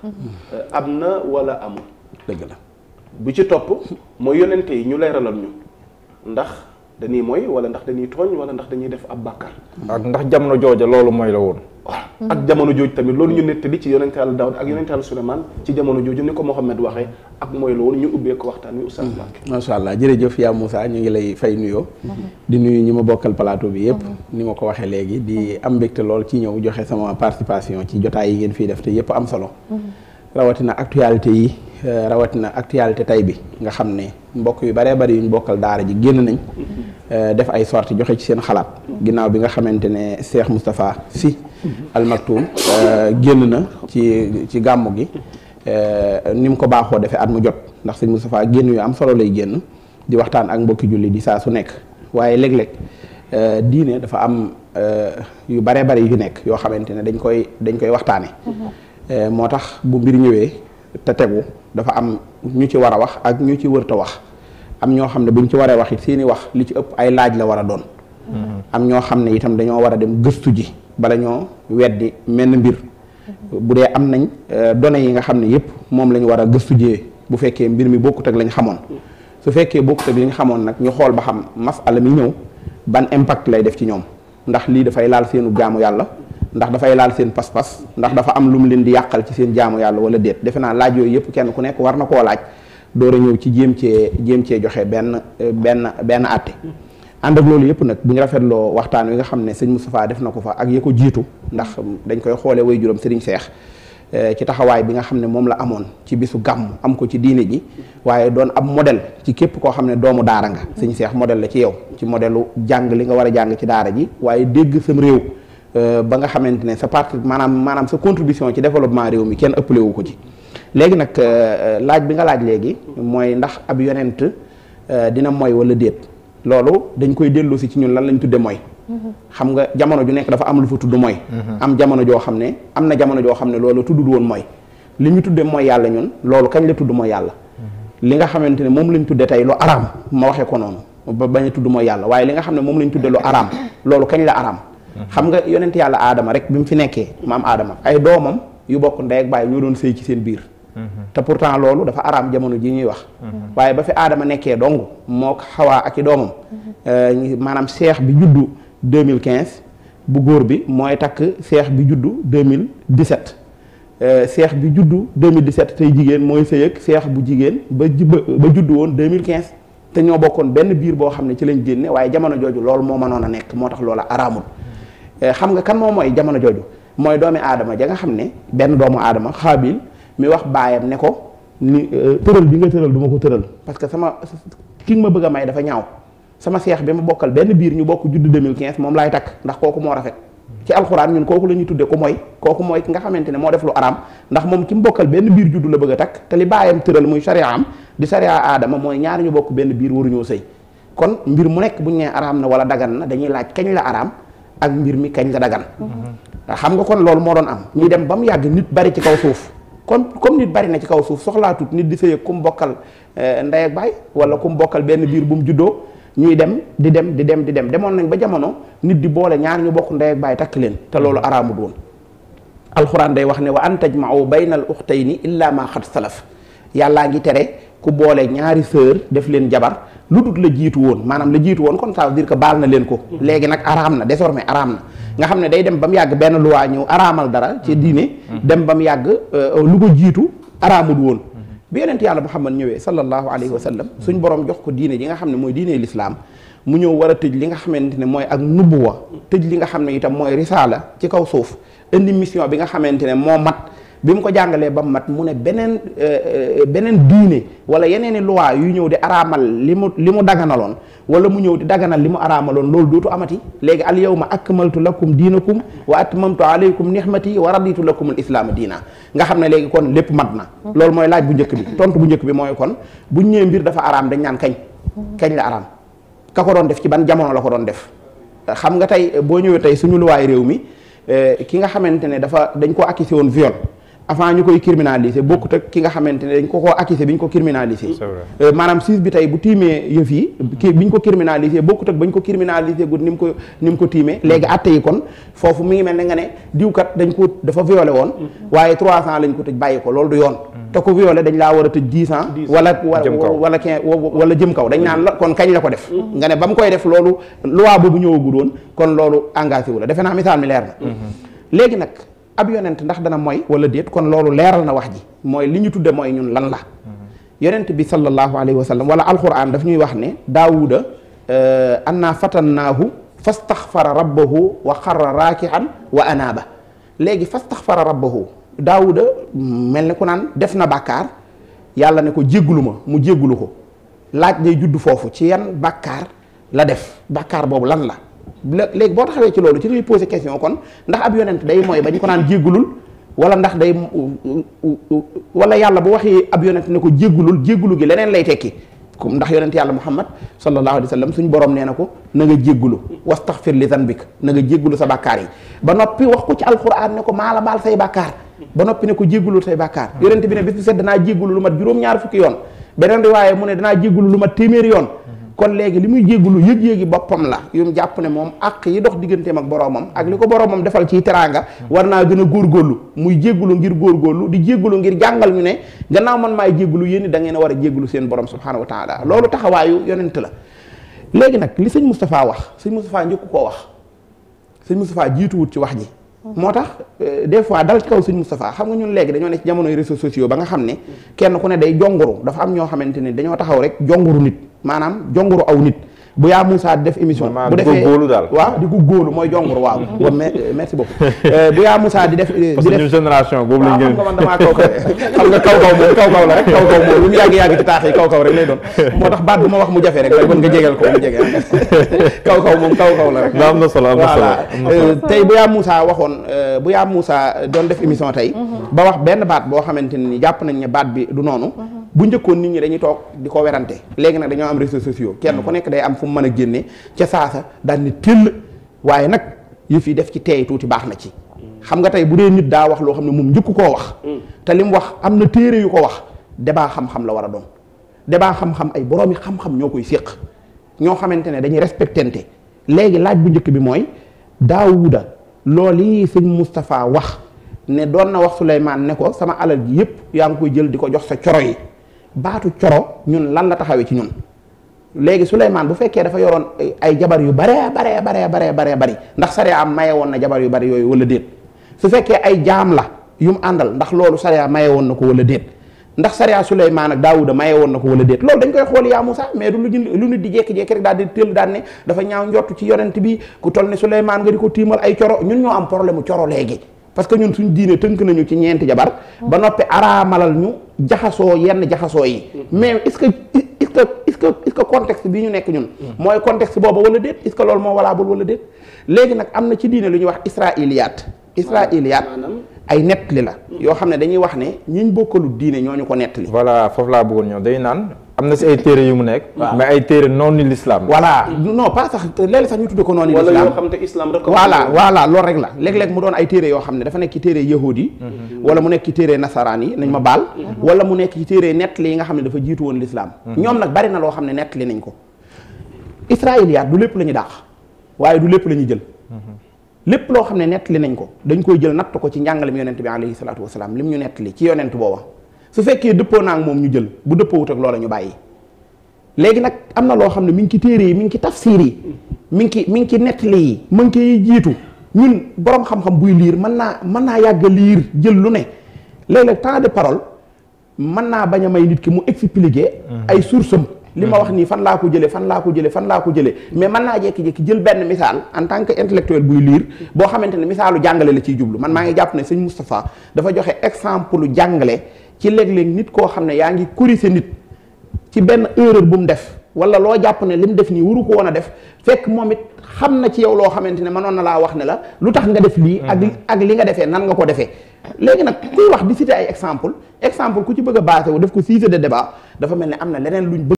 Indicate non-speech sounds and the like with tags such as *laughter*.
Euh, am na wala amul. dëgg la bu ci topp mooy yonente yi ñu leeralal ñu ndax dañuy mooy wala ndax dañuy tooñ wala ndax dañuy def ab bàkkar ak ndax jamono jooja loolu mooy la woon. ak jamono jooju tamit loolu ñu nettali ci yonent Yàlla Daawud ak yonent Yàlla Suleymaan ci jamono jooju ni ko Mouhamed waxee ak mooy loolu ñu ubbee ko waxtaan wi Oustaz Mbacké mm-hmm. macha allah jërëjëf yaa Moussa ñu ngi lay fay nuyoo mm-hmm. di nuyu ñi ma bokkal palaato bi yëpp mm-hmm. ni ma ko waxee léegi di am mbégte lool ci ñëw joxe sama participation ci jotaay yi ngeen fii def te yëpp am solo rawatina actualité yi euh, rawatina actualité tay bi nga xam ne mbokk yu baree bari yuñ bokkal daara ji génn nañ euh, def ay sorti joxe ci seen xalaat ginnaaw bi nga xamante ne Cheikh Moustapha Sy Al Maktoum euh, génn na ci ci gàmmu gi euh, ni mu ko baaxoo defee at mu jot ndax sëñ Moustapha génn yu am solo lay génn di waxtaan ak mbokki julli di saa su nekk waaye léeg-léeg euh, diine dafa am yu bare bare yu nekk yoo xamante ne dañ koy dañ koy waxtaane moo tax bu mbir ñëwee te tegu dafa am ñu ci war a wax ak ñu ci wërta wax am ñoo xam ne buñ ci waree wax it seeni wax li ci ëpp ay laaj la war a doon mm-hmm. am ñoo xam ne itam dañoo war a dem gëstu ji bala ñoo weddi menn mbir bu dee am nañ euh, données yi nga xam ne yëpp moom la ñu war a gëstu jee bu fekkee mbir mi bokkut ak lañ xamoon su fekkee bokkut ak li ñu xamoon nag ñu xool ba xam masala mi ñëw ban impact lay def ci ñoom ndax lii dafay laal seenu jaamu yàlla ndax dafay laal seen pas-pas ndax dafa am lu mu leen di yàqal ci seen jaamu yàlla wala déet defe naa laaj yooyu yëpp kenn ku nekk war na koo laaj door a ñëw ci jéem cee jéem cee joxe benn euh, benn benn àtte ànd ak loolu yëpp nag bu ñu rafetloo waxtaan wi nga xam ne sëñ Moustapha def na ko fa ak ya ko jiitu ndax dañ koy xoole way juróom sëriñ Seex eh, ci taxawaay bi nga xam ne moom la amoon ci bisu gàmm am ko ci diine ji waaye doon ab model ci képp koo xam ne doomu daara nga sëñ Seex modèle la ci yow ci modelu jàng li nga war a jàng ci daara ji waaye dégg sam réew eh, ba nga xamante ne sa parti maanaam maanaam sa contribution ci développement réew mi kenn ëppale ko ci léegi nag eh, laaj bi nga laaj léegi mooy ndax ab yonent dina mooy wala déet loolu dañ koy delloosi ci ñun lan lañ tudde mooy mhm. xam nga jamono ju nekk dafa am lu fa tudd mooy mhm. am jamono joo xam ne am na jamono joo xam ne loolu tuddul woon mooy li ñu tudde mooy yàlla ñun loolu kañ la tudd mooy yàlla mhm. li nga ne moom lañ tudde tey lu araam ma waxee ko noonu ba bañ a tudd yàlla waaye li nga xam ne moom lañ tudde lu araam loolu kañ la araam xam nga yonent yàlla aadama rek bi mu fi nekkee maam aadama ay doomam yu bokk ndey ak ñoo doon sëy ci seen biir Mhm. te pourtant lolu dafa aram jamono ji ñuy wax mhm. waye ba fi adama nekké dong mok hawa ak domam mhm. euh manam cheikh bi juddu 2015 bu góor bi moy tak cheikh bi juddu 2017 cheikh euh, bi juddu 2017 tay jigen moy sëy ak seex bu jigen ba ba juddu 2015 te ñoo bokkon benn biir bo xamne ci lañu genné waye jamono joju lolu mo mënoon a nekk moo tax loola araamul euh, xam nga kan mo moy jamono joju moy doomi adama ja nga xamne benn doomu adama khabil mi wax bayam ne ko ni teural bi nga teural duma ko teural parce que sama ki nga bëgg may dafa ñaaw sama cheikh bima bokal bokkal benn biir ñu bokku judd 2015 mom lay tak. ndax koku mo rafet ci alcorane ñun koku la tuddé ko moy koku moy ki nga xamantene mo def lu aram ndax mom ki mbokal benn biir la bëgg a takk te li bayam teural muy shariaam di sharia adam moy ñaar ñu benn biir sey kon mbir mu nek buñ nawala aram na wala dagan na dañuy laaj kañ la aram ak mbir mi kañ nga dagan mm-hmm. xam nga kon lool mo doon am ñi dem bam yag nit bari ci kaw suuf kon comme nit bari na ci kaw suuf soxlaatut nit di sëy ak ku mu bokkal eh, ndey ak baay wala ku mu bokkal benn biir bu mu juddoo ñuy dem di dem di dem di dem demoon nañ ba jamono nit di boole ñaar ñu bokk ndey baay takk leen te loolu mm-hmm. araamut woon alxuraan day wax ne wa an tajmau bayna al uxtayni illa ma xat salaf yàllaa ngi tere ku boole ñaari sœur def leen jabar lu dut la jiitu woon maanaam la jiitu woon kon ça veut dire que baal na leen ko mm-hmm. léegi nag araam na désormais araam na nga xam ne day dem ba mu yàgg benn luwaa ñëw araamal dara ci diine dem ba mu yàgg euh, lu ko jiitu araamul woon bi yonent yàlla xaman ñëwee sallallahu alayhi wa sallam suñ borom jox ko diine ji nga xam ne mooy diinee lislaam mu ñëw war a tëj li nga xamante ne mooy ak nubuwa tëj li nga xam ne itam mooy risaala ci kaw suuf indi mission bi nga xamante ne moo mat bi mu ko jàngalee ba mu mat mu ne beneen euh, euh, beneen diine wala yeneen i loi yu ñëw di araamal li mu li mu daganaloon wala mu ñëw di daganal li mu araamaloon loolu dootu amati léegi ma al yawma akmaltu lakum diinakum wa atmamtu alaykum nihmati wa raditu lakum al islaama diina nga xam ne léegi kon lépp mat na loolu mooy laaj bu njëkk bi tontu bu njëkk bi mooy kon bu ñëwee mbir dafa araam dañ naan kañ mhm. kañ la araam ka ko doon def ci ban jamono la ko doon def xam nga tey boo ñëwee tey suñu luwaay réew mi euh, ki nga xamante ne dafa dañ koo accusé woon viol avant ñu koy criminaliser bokkut ak ki nga xamante ne dañ ko koo accuser bi ñu ko criminaliser euh, maanaam siis bi tey bu tiimee yëf yi bi ñu ko criminaliser bokkut ak bañ ko criminaliser gud ni mu ko ni mu ko tiimee léegi atte yi kon foofu mi ngi mel ne nga ne diwkat ko dafa violé woon waaye trois ans lañ ko tëj bàyyi ko loolu du yoon mm. te ko violé dañ laa war a tëj dix ans wala wala quinze wala kon kañ la ko def mm-hmm. nga ne ba mu koy def loolu loi boobu ñëwagudoon kon loolu engagé wu la defe naa misaal mi leer na mm-hmm. nag ab yonent ndax dana mooy wala déet kon loolu leeral na wax ji mooy li ñu tudde mooy ñun lan la mm-hmm. yonent bi sallallahu alayhi wa sallam wala alquran daf ñuy wax ne daawuda euh, anna fatannaahu fastaxfara rabbahu wa xarra raakian wa anaaba léegi fastaxfara rabbahu daawuda mel ni ku naan def na bàkkaar yàlla ne ko jéggulu ma mu jéggulu ko laaj day juddu foofu ci yan bàkkaar la def bàkkaar boobu lan la léegi boo taxawee ci loolu ci luy posé question kon ndax ab yonent day mooy ba ko naan jéggulul wala ndax day wala yàlla bu waxee ab yonent ne ko jéggulul jéggulu gi leneen lay tekki comme ndax yonent yàlla muhammad sallallahu alayhi wa sallam suñ borom nee na ko na nga jéggulu wastaghfir li zanbik na nga jéggulu sa bàkkaar yi ba noppi wax ko ci alquran ne ko maa la baal say bàkkaar ba noppi ne ko jéggulul say bàkkaar yonent bi ne bis bu set danaa jéggulu lu mat juróom-ñaar fukki yoon beneen waaye mu ne danaa jéggulu lu mat téeméeri yoon kon léegi li muy jéggulu yëg-yéegi boppam la yum jàpp ne moom àq yi dox digganteem ak boroomam ak li ko boroomam defal ciy teraanga war naa gën a góor góorgóorlu muy jéggulu ngir góorlu di jéggulu ngir jàngal ñu ne gannaaw man maay jéggulu yéen da ngeen war a jéggulu seen borom subhaanahu wa taala loolu taxawaayu yonent la léegi nag li sëñ Moustapha wax sëñ Moustapha njëkku koo wax sëñ Moustapha jiituwut ci wax ji moo tax euh, des fois dal ci kaw sëñ Moustapha xam nga ñun léegi dañoo ne ci jamonoy réseaux sociaux ba nga xam ne kenn ku ne day jonguru dafa am ñoo xamante ni dañoo taxaw rek jonguru nit maanaam jonguru aw nit Euh, bu yaa Moussa di def émission bu defee góolu daal waa di ko góolu mooy jongur waaw kon merci beaucoup bu yaa Moussa di def di def génération boobu la ngeen man damaa kaw kaw *laughs* xam nga kaw kaw moom kaw kaw la rek kaw kaw moom lu mu yàgg lay doon moo baat bu ma wax mu jafe rek nga jegeel ko mu *laughs* moom kaw kaw la rek am na solo am na solo euh, tey bu yaa Moussa waxoon euh, bu yaa Moussa doon def émission tey mhm. ba wax benn baat boo xamante ni jàpp nañ ne baat bi du noonu mhm. bu njëkkoon nit ñi dañuy toog di ko werante léegi nag dañoo am réseaux sociaux kenn ku hmm. nekk day am fu mu mën a génne ca sa daal ni tëll waaye nag yëf fi def ci teey tuuti baax na ci hmm. xam nga tey bu dee nit daa wax loo xam ne moom njëkku koo wax hmm. te li mu wax am na téere yu ko wax débat xam-xam la war a doon débat xam-xam ay boroomi xam-xam ñoo koy séq ñoo xamante ne dañuy respectante léegi laaj bu njëkk bi mooy daawuda loolu yi sëñ Moustapha wax ne doon na wax Souleymane ne ko sama alal ji yëpp yaa ngi koy jël di ko jox sa coro yi baatu coro ñun lan na taxawee ci ñun léegi Souleymane bu fekkee dafa yoroon ay jabar yu baree baree baree baree baree bari ndax sariya am maye woon na jabar yu bari yooyu wala déet su fekkee ay jaam la yu mu àndal ndax loolu sariya maye woon na ko wala déet ndax sariya Souleymane ak a maye woon na ko wala déet loolu dañ koy xool yaa Moussa mais du lu lu nit di jékki-jékki rek daal di tël daan ne dafa ñaaw njott ci yonent bi ku toll ne Souleymane nga di ko tiimal ay coro ñun ñoo am problème coro léegi parce que ñun suñu diine tënk nañu ci ñeenti jabar ba noppi araamalal ñu jaxasoo yenn jaxasoo yi mais est-ce que est que que contexte bi ñu nekk ñun mooy contexte boobu wala déet est lool que loolu moo valable wala déet léegi nag am na ci diine lu ñuy wax israiliyaat israiliyaat ay nettali la yoo xam ne dañuy wax ne ñiñ bokkalu diine ñoo ñu ko nettali voilà foofu laa bëggoon ñëw day naan am na si ay téere yu mu nekk. mais ay téere noonu l'islam. voilà non pas sax léeg-léeg sax ñu tuddee ko noonu. l'islam wala loolu rek la léeg-léeg mu doon ay téere yoo xam ne dafa mhm. ma baal. Mhm. wala mu nekk ci téere nettali yi nga xam ne dafa jiitu woon l'islam. Mhm. ñoom nag bari loo xam ne nettali nañ ko. israéliyaat du lépp la ñu dàq waaye du lépp la ñuy jël. lépp loo xam ne nettali nañ ko dañ koy jël natt ko ci njàngalem yonent bi alayhi salaatu wasalaam lim ñu nettali ci yonent booba su fekkee dëppoo naa moom ñu jël bu dëppoowut ak loola ñu bàyyi léegi nag am na loo xam ne mi ngi ci téere yi mi ngi ci tafsiir yi mi ngi ci mi ngi ci nettali yi mi ngi ciy jiitu ñun borom xam-xam buy liir mën naa mën naa yàgg liir jël lu ne léeg-léeg temps de parole mën naa bañ a may nit ki mu expliquer mhm. ay sources am li ma mhm. wax nii fan laa ko jële fan laa ko jëlee fan laa ko jëlee mais mën naa jekki jékki jël benn misaal en tant que intellectuel buy liir boo xamante ne misaalu jàngale la ciy jublu man maa ngi jàpp ne sëñ Moustapha dafa joxe exemple lu jàngale ci léeg-léeg nit koo xam ne yaa ngi corriger nit ci benn erreur bu mu def wala loo jàpp ne li mu def nii waru ko woon a def fekk moom it xam na ci yow loo xamante ne mënoon na laa wax ne la lu tax nga def lii. ak mhm. ak li nga defee nan nga ko defee. léegi nag kuy wax di site ay exemple exemple ku ci bëgg a baase wu def ko sujet de débat dafa mel ne am na leneen luñ bëgg